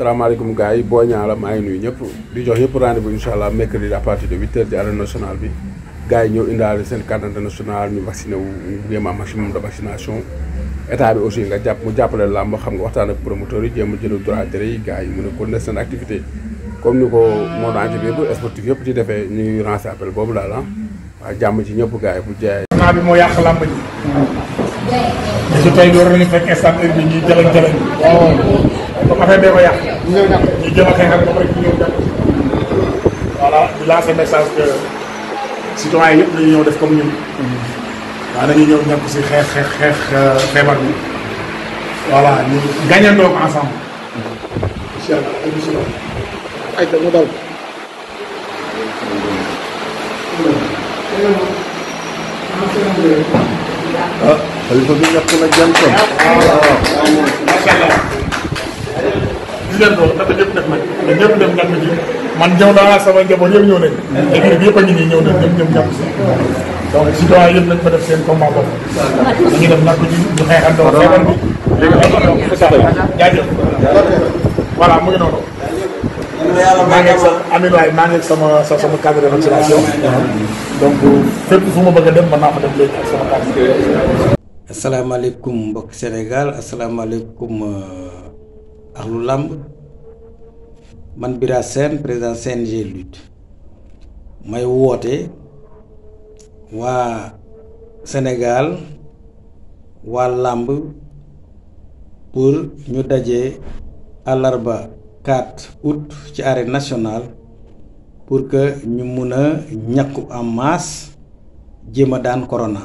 salaamaaleykum gars yi boo ñaa la maa ngi nuyu ñëpp di jox ñëpp rendez-vous incha allah mercredi à partir de huit heures di arène nationale bi gars yi ñëw indaale seen carte nationale ñu vacciné wu ñu jéem a maximum de vaccination état bi aussi nga jàpp mu jàppale làmb xam nga waxtaan ak promoteurs yi jéem a jënd droit tere yi gars yi mën a continuer seen activité comme ni ko monde entier yëpp sportif yëpp ci defee ñu ngi lancé appel boobu daal ah waa jàmm ci ñëpp gars bu jaayee. bi moo parce que tey loolu la ñu fekk instant bi ñuy jëlañ jëlañ. waaw waaw comme affaire bee ko yàq. ñu ñëw ñàkk ñu jël affaire ak bopp rek ñu ñëw ñàkk. voilà di lancer message que citoyen yëpp dañu ñëw def comme ñun. waaw dañuy ñëw ñàkk si xeex xeex xeex euh, feebar bi. voilà ñu gagnandoo ko ensemble. incha allah ay bis la. ay da mu dal. ah. xalifa bi ñàkk na jantam. waaw macha allah. li ñëpp def nañ. te ji man ñëw naa sama njaboot yëpp ñëw nañ. équipe bi yëpp a ngi ñëw nañ ñëpp ñëpp jàpp si. donc citoyen yëpp nañ fa def seen combat bopp. dañuy dem nag ji ñu xeexandoo xeexal bi. léegi am na loolu c'est ça jaajëf. voilà mu ngi noonu. maa ngi sa sama sa sama de vaccination. donc fépp fu ma bëgg a dem mën naa fa dem léegi ak sama cadre. asalaamaaleykum mbokk Sénégal asalaamaaleykum euh, axlu làmb man Bira seen président CNG lutte may woote waa Sénégal waa làmb pour ñu daje àllarba 4 août ci arène nationale pour que ñu mun a ñàkku en masse jéem a daan corona.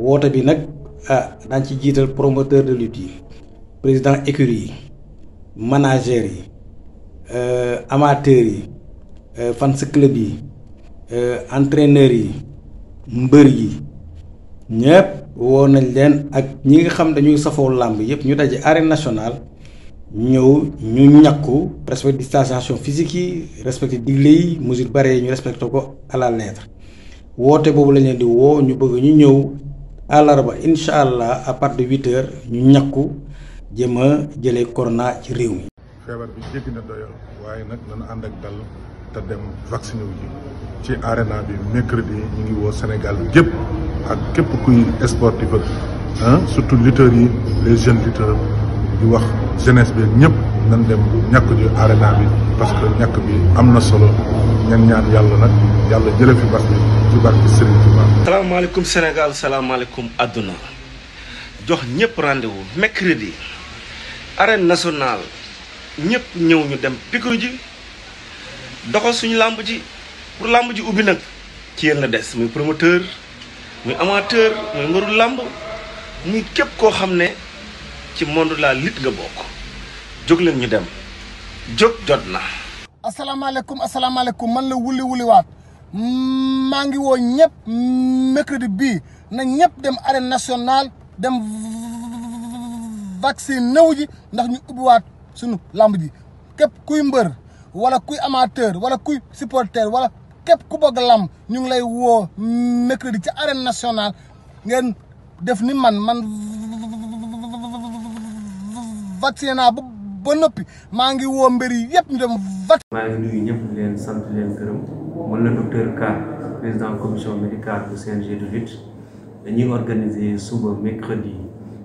woote bi nag ah daañ ci jiital promoteur de lutte yi président écurie yi manager yi euh, amateurs yi euh, fans club yi euh, entraîneurs yi mbër yi ñëpp woo nañ leen ak ñi nga xam dañuy safoo làmb yëpp ñu daje arène nationale ñëw ñu ñàkku respecté distanciation physique yi respecté digle yi mesure barrière yi ñu respecté ko à la woote boobu lañ leen di woo ñu bëgg ñu ñëw àllarba incha allah à partir de ñu ñàkku jëm a jëlee corona ci réew mi. feebar bi jéggi na doyal waaye nag nañu ànd ak dal te dem vacciné wu ci arena bi mercredi ñu ngi woo Sénégal bi gépp ak képp kuy sportif ak surtout lutteurs yi les jeunes lutteurs di wax genes bi ñëpp nañ dem ñàkk ji arena bi parce que ñàkk bi am na solo ñan ñaan yàlla nag yàlla jële fi bas bi. ci barke Sëriñ salaamaaleykum Sénégal salaamaaleykum àdduna jox ñëpp rendez-vous mercredi arène nationale ñëpp ñëw ñu dem pikiru ji doxal suñu làmb ji pour làmb ji ubbi nag ci yéen des muy promoteur muy amateur muy mbaru làmb muy képp koo xam ne ci monde la lutte nga bokk jóg leen ñu dem jóg jot na asalaamaaleykum asalaamaaleykum man la wuli wuli waat maa ngi woo ñëpp mercredi bii na ñëpp dem arène nationale dem vaccin néew ji ndax ñu ubbiwaat sunu lamb ji képp kuy mbër wala kuy amateur wala kuy supporter wala képp ku bëgg lamb ñu ngi lay woo mercredi ci arène nationale ngeen def ni man man vaccin naa bu ba noppi maa ngi woo mbër yi yëpp ñu dem vote. maa ngi nuyu ñëpp leen sant di leen gërëm man la docteur Ka président commission médicale bu CNG de lutte dañuy organiser suba mercredi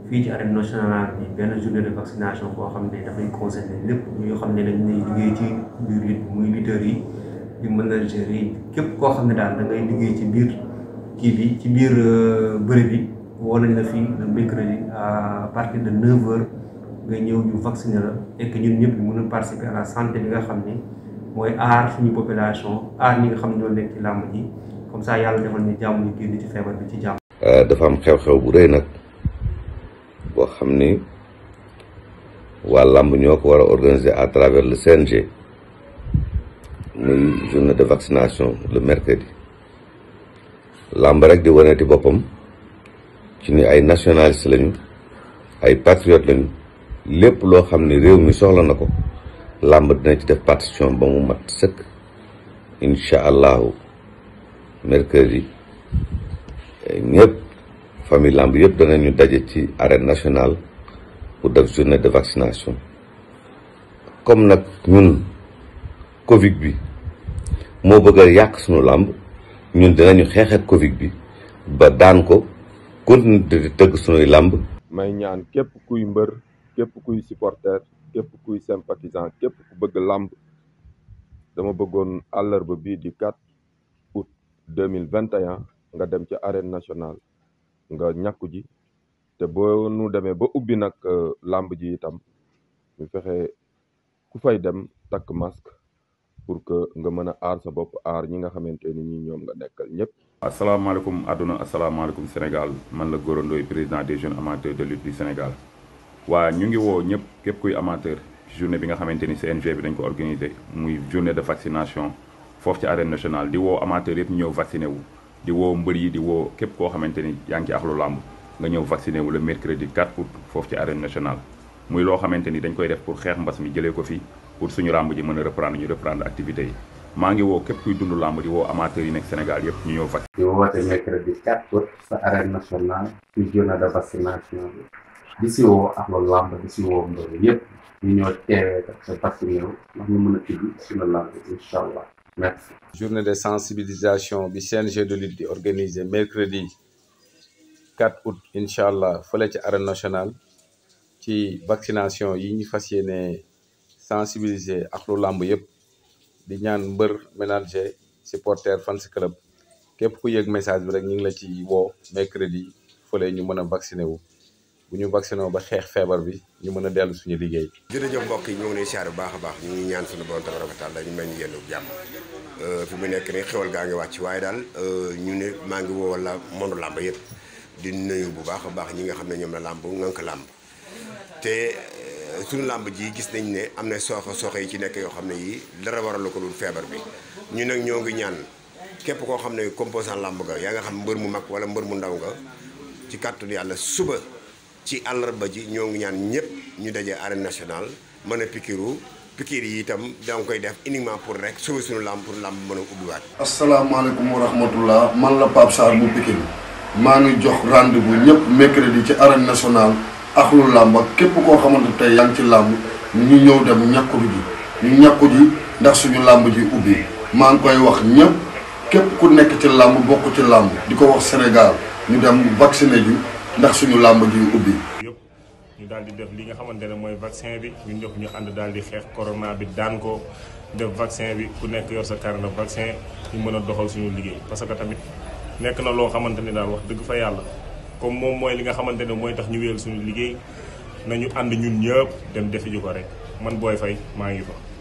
fii ci arène nationale bi benn journée de vaccination boo xam ne dafay concerner lépp ñoo xam ne dañuy liggéey ci biir lutte muy lutteurs yi mën manager yi képp koo xam ne daal da liggéey ci biir kii bi ci biir euh, bëri bi woo nañ la fii le mercredi à partir de 9 heures. nga ñëw ñu vacciner la et que ñun ñëpp ñu mën a la santé bi nga xam ne mooy aar suñu population aar ñi nga xam ne ñoo nekk ci làmb ji ci feebar euh, dafa am xew-xew bu rëy nag boo xam ni waa làmb ñoo ko war a organiser à le CNG muy journée de vaccination le mercredi làmb rek di waneti boppam ci ni ay nationalistes lañu ay patriotes lañu. lépp loo xam ne réew mi soxla na ko làmb dina ci def partition ba mu mat sëkk incha allahu mercredi ñëpp famille làmb yëpp ñu daje ci arène nationale pour def journée de vaccination comme nag ñun Covid bi moo bëgga yàq sunu làmb ñun dinañu xeex ak Covid bi ba daan ko continuer di tëgg sunuy làmb may ñaan képp kuy mbër képp kuy supporter képp kuy sympathisant képp ku bëgg làmb dama bëggoon àllarba bii di 4 août 2021 nga dem ci arène national nga ñàkku ji te boo nu demee ba ubbi nag euh, lamb ji itam ñu fexe ku fay dem takk masque pour que nga mën a aar sa bopp aar ñi nga xamante ni ñi ñoom nga nekkal ñëpp asalaamaaleykum àdduna asalaamaaleykum Sénégal man la Gora Ndoye président des jeunes amateurs de lutte du Sénégal waa ñu ngi woo ñëpp képp kuy amateur journée bi nga xamante ni CNG bi dañ ko organiser muy journée de vaccination foofu ci arène national di woo amateur yëpp ñëw vacciné wu di woo mbër yi di woo képp koo xamante ni yaa ngi ci axlu làmb nga ñëw vacciné wu le mercredi 4 août foofu ci arène national muy loo xamante ni dañ koy def pour xeex mbas mi jëlee ko fi pour suñu làmb ji mën a reprendre ñu reprendre activité yi maa ngi woo képp kuy dund làmb di woo amateurs yi nekk Sénégal yëpp ñu ñëw vacciné. di woote di si woo ak la làmb di si woo mbër yëpp ñu ñoo teewee ak sa vacciné ndax ñu mën a tudd suñu làmb incha allah merci. journée de sensibilisation bi CNG de lutte di organisé mercredi 4 août incha allah fële ci arène nationale ci vaccination yi ñu fas yéene sensibiliser ak lu làmb yëpp di ñaan mbër ménager supporter fans club képp ku yëg message bi rek ñu ngi la ci woo mercredi fële ñu mën a vacciné wu. bu ñu vacciné ba xeex feebar bi ñu mën a dellu suñu liggéey. jërëjëf mbokk yi ñoo ngi lay siyaar bu baax a baax ñu ngi ñaan suñu borom tabaraka wa taala ñu mel ni euh, fi mu nekk nii xewal gaa ngi wàcc waaye daal euh, ñu maa ngi woo wala mënu làmb yëpp di bu baax a baax ñi nga xam ne ñoom la làmb ngànk làmb te euh, suñu làmb ji gis nañ ne am na sooxe sooxe yi ci nekk yoo xam ne yi dara waralu ko dul feebar bi ñu nag ñoo ngi ñaan képp koo xam ne composant làmb nga yaa nga xam mbër mu mag wala mbër mu ndaw nga ci kàttu yàlla suba ci àllarba ji ñoo ngi ñaan ñëpp ñu daje arène nationale mën a pikiru pikir yi itam da koy def uniquement pour rek sauver suñu làmp pour làmb mën a ubbiwaat. asalaamaaleykum wa rahmatullah man la Pape Sarr bu Pikine maa ngi jox rendez-vous ñëpp mercredi ci arène nationale ak lu képp koo xamante tey yaa ngi ci làmb ñu ñëw dem ñàkku ji ñu ñàkku ji ndax suñu làmb ji ubbi maa ngi koy wax ñëpp képp ku nekk ci làmb bokk ci làmb di ko wax Sénégal ñu dem vacciné ji. ndax suñu làmb ji ubbi. yëpp ñu daal di def li nga xamante ne mooy vaccin bi ñu ñëpp ñu ànd daal di xeex corona bi daan ko def vaccin bi ku nekk yor sa carnet vaccin ñu mën a doxal suñu liggéey parce que tamit nekk na loo xamante ni daal wax dëgg fa yàlla comme moom mooy li nga xamante ne mooy tax ñu wéyal suñu liggéey na ñu ànd ñun ñëpp dem defi ko rek man booy fay maa ngi fa.